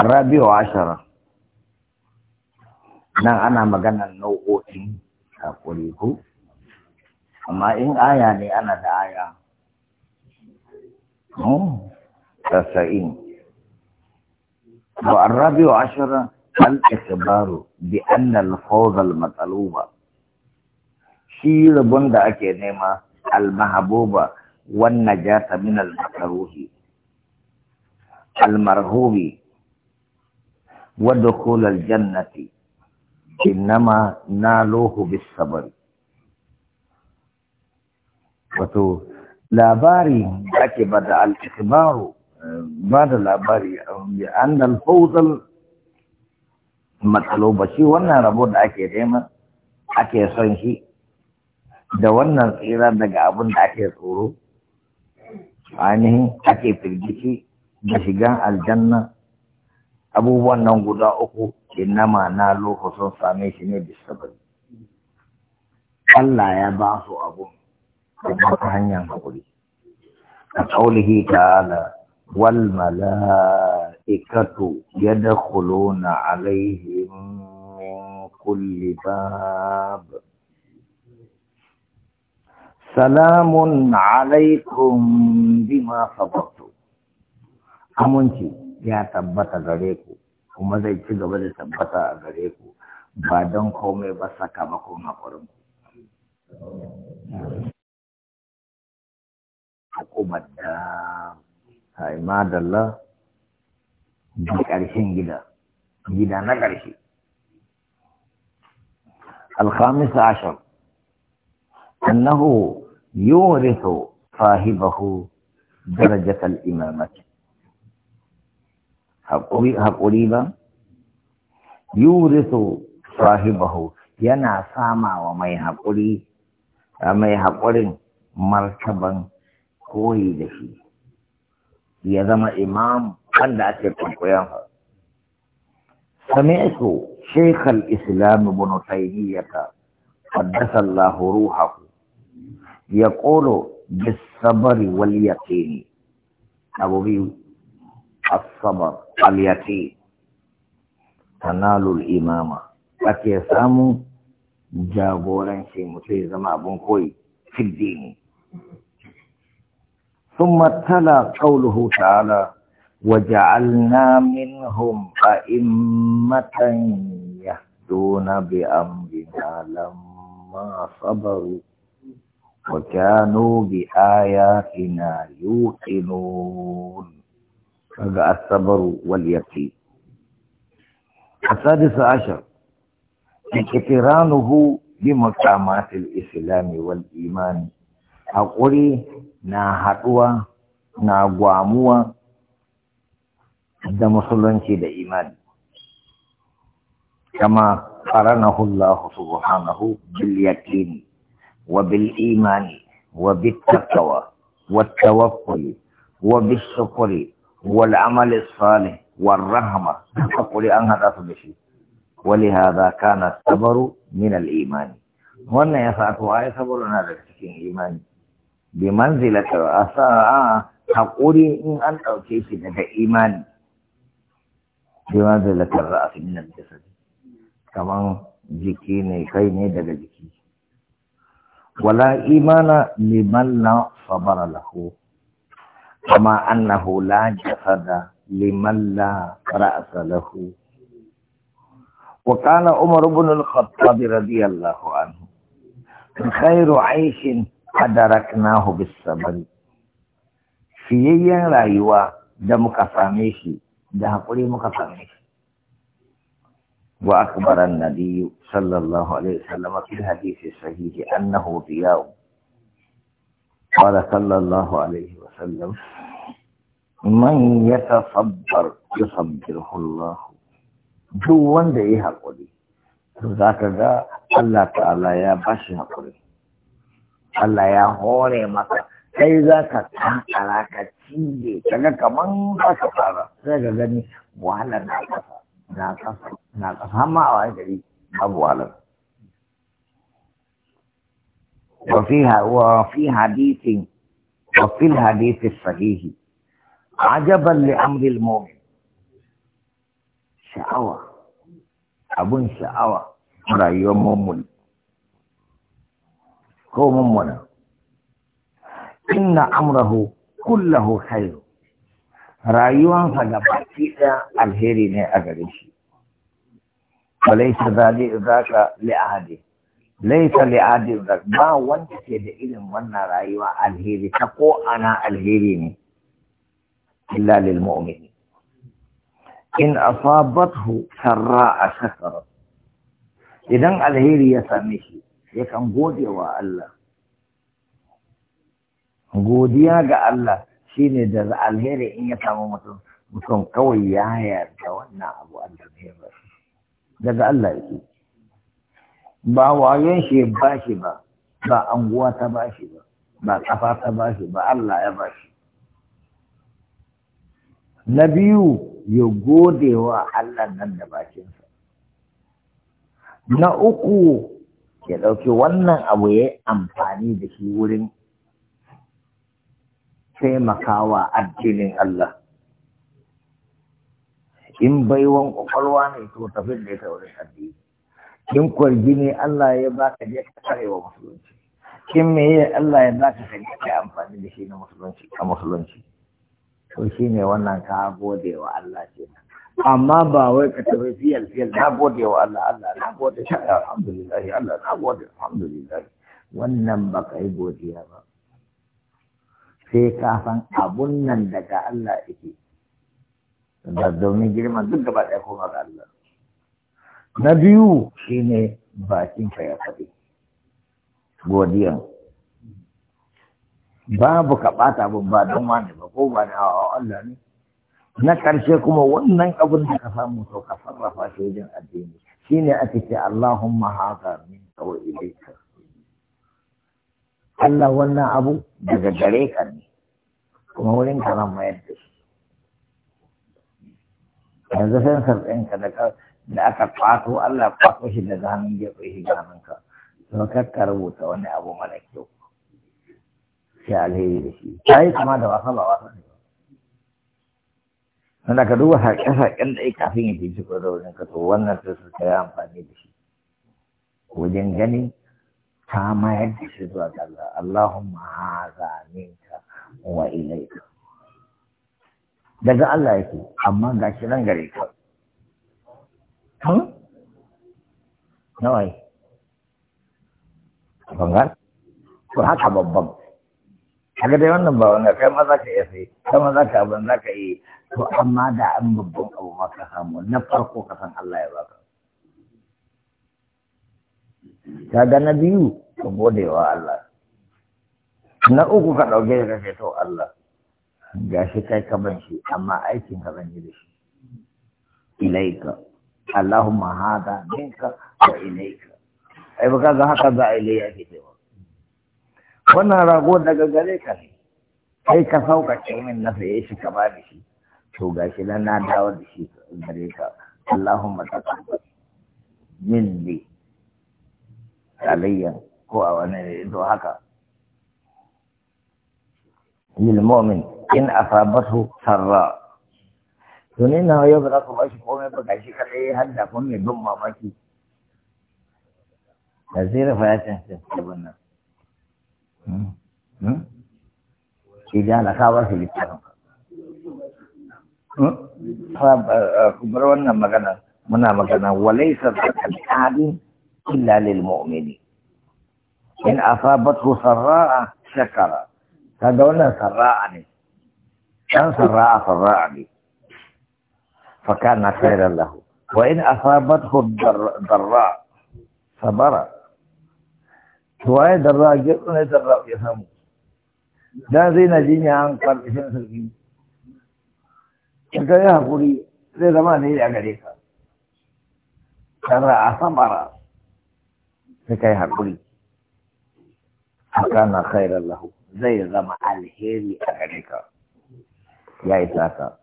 rabi'u ashara nan ana maganar nau'o'in hakuri ko amma in aya ne ana da aya hmm, tasa'in wa rabi'u ashara al-ikhbaru bi anna al-fawz shi rabon da ake nema al-mahbuba wannan jata, min al-makruhi ودخول الجنة إنما نالوه بالصبر wato labari ake bada al-ikhbaru bada labari bi anna al-fawzal matsaluba shi wannan rabo da ake nema ake son shi da wannan tsira daga abun da ake tsoro ainihin ake firgici da shiga aljanna abubuwan nan guda uku ke nama na lokacin same shi ne bari. Allah ya ba su abu da ta hanyar haƙuri a ƙaulihi ta'ala wal mala'ikatu yadkhuluna alaihim min kulli bab salamun alaikum bima sabartum aminci ya tabbata gare ku kuma zai ci gaba da tabbata a gare ku ba don komai ba sakamakon haƙurin ku. Hukumar da haima da la da ƙarshen gida, gida na ƙarshe. Alhamis ashar, annahu yurisu sahibahu darajatal imamati. haƙuri ba yurisu sahibahu yana sama wa mai haƙuri mai haƙurin martaban koyi da shi ya zama imam wanda ake kwankwayon sami'tu shaykh al-islam ibn taymiyyah qaddasa Allah ruhahu yaqulu bis-sabri wal yaqini abu biyu الصبر اليقين تنال الإمامة أكي سامو جابوا شي متي زما بون كوي في الدين ثم تلا قوله تعالى وجعلنا منهم أئمة يهدون بأمرنا لما صبروا وكانوا بآياتنا يوقنون kaga asabaru wal yaqi السادس عشر اقترانه بمقامات الإسلام والإيمان حقوري ناهدوا ناغواموا da musulunci da imani kama qaranahu Allah subhanahu bil yaqin wa bil imani wa bit taqwa wat tawakkul wa bis shukri wal amal salih wal rahma hakuri an hada su da shi wali hadha kana sabaru min al iman wannan ya sa to ai sabaru na daga cikin imani bi manzilati asa hakuri in an dauke shi daga imani bi manzilati ra'si min al jasad kaman jiki ne kai ne daga jiki wala imana liman la sabara lahu كما أنه لا جسد لمن لا رأس له وكان عمر بن الخطاب رضي الله عنه خير عيش أدركناه بالصبر في يين لا يوا دمك فاميشي ده قولي فاميشي وأخبر النبي صلى الله عليه وسلم في الحديث الصحيح أنه ضياء قال صلى الله عليه وسلم من يتصبر يصبره الله duk wanda ya yi haƙuri to za ka ga Allah ta'ala ya ba shi haƙuri Allah ya hore maka sai za ka tankara ka cibe ka ga kaman ka fara sai ka gani wahalar na kasa na kasa na kasa har a wani gari babu wahalar وفيها وفي حديث وفي الحديث الصحيح عجبا لأمر المؤمن شعوى أبن شعوى رأيو مؤمن كو مؤمن إن أمره كله خير رأيو ga baki ɗaya alheri ne a gare shi. ليس لعاد الرك ما وانت إلم وانا رأيوا الهيري تقو أنا الهيريني إلا للمؤمنين إن أصابته سراء شكرة إذن الهيري يسامحي يكن قودي وا الله قودي يا الله شين در الهيري إن يتامو مطلوب مطلوب قوي يا يا أبو الله الهيري لذا الله يكيب ba wayen shi ba shi ba ba anguwa ta ba shi ba ba kafa ta ba shi ba Allah ya ba shi na biyu ya gode wa Allah nan da bakinsa na uku ya ɗauki wannan abu ya amfani da shi wurin taimakawa addinin Allah in baiwan kwakwalwa ne to tafi da ita wurin addini Kin kwargi ne Allah ya ka je ka karewa musulunci kin ya Allah ya ba ka kare ka amfani da shi na musulunci a musulunci to ne wannan ka gode wa Allah ce amma ba wai ka tafi fiyal fiyal na gode wa Allah Allah na gode shi alhamdulillah Allah na gode alhamdulillah wannan ba ka yi godiya ba sai ka san abun nan daga Allah yake domin girman duk gaba ɗaya kuma ga Allah na biyu shine bakinka ya faɗi godiyan babu ka ɓata abin ba don wani ba ko ba da awa Allah ne na ƙarshe kuma wannan abin da ka samu to ka sarrafa shi wajen addini ne a ce Allahumma haza min kawai ilaika Allah wannan abu daga gare ka ne kuma wurin ka nan mayar da shi yanzu sai sarɗinka da da aka kwato Allah kwato shi daga hannun gefe shi ga hannunka don kakka rubuta wani abu mara kyau sai alheri da shi ta yi kama da wasa ba wasa ne don da ka duba haƙe-haƙen da ya kafin ya fi ko da wajen ka to wannan sai su kai amfani da shi wajen gani ta mayar da shi zuwa ga Allah Allahumma haza minka wa ilaika daga Allah yake amma ga shi nan gare ka nawa yi a bangar to haka babban haka dai wannan ba wanda kai ma za ka iya sai kai ma za ka abin za ka yi to amma da an babban abu ma ka samu na farko ka Allah ya baka ka ga na biyu ka Allah na uku ka ɗauke da kashe to Allah gashi kai ka ban shi amma aikin ka ban shi ilaika Allahumma hada minka wa ilaika ai ba kaga haka za a ilai ake cewa wannan rago daga gare ka ne kai ka ce min na saye shi ka ba shi to shi nan na dawo da shi gare ka Allahumma taqabbal minni alayya ko a wani to haka lil mu'min in asabathu sarra ne na yau ba za ku ba shi komai ba gashi kada ya hada kun ne bin mamaki da zira fa ya cancanta abin nan shi da na ka ba su littafin kubar wannan magana muna magana walaisa zakatadin illa lil mu'mini in asabatu sarra'a shakara kaga wannan sarra'a ne dan sarra'a sarra'a ne فكان خيرا له وإن أصابته الضراء صبر توائي الضراء جرون الضراء يفهمون لا زين جيني عن قال إشان سلقين يا قولي لي زمان هي عقليك ترى أصبر فكيها قولي فكان خيرا له زي زمان الهيري عقليك يا إساكا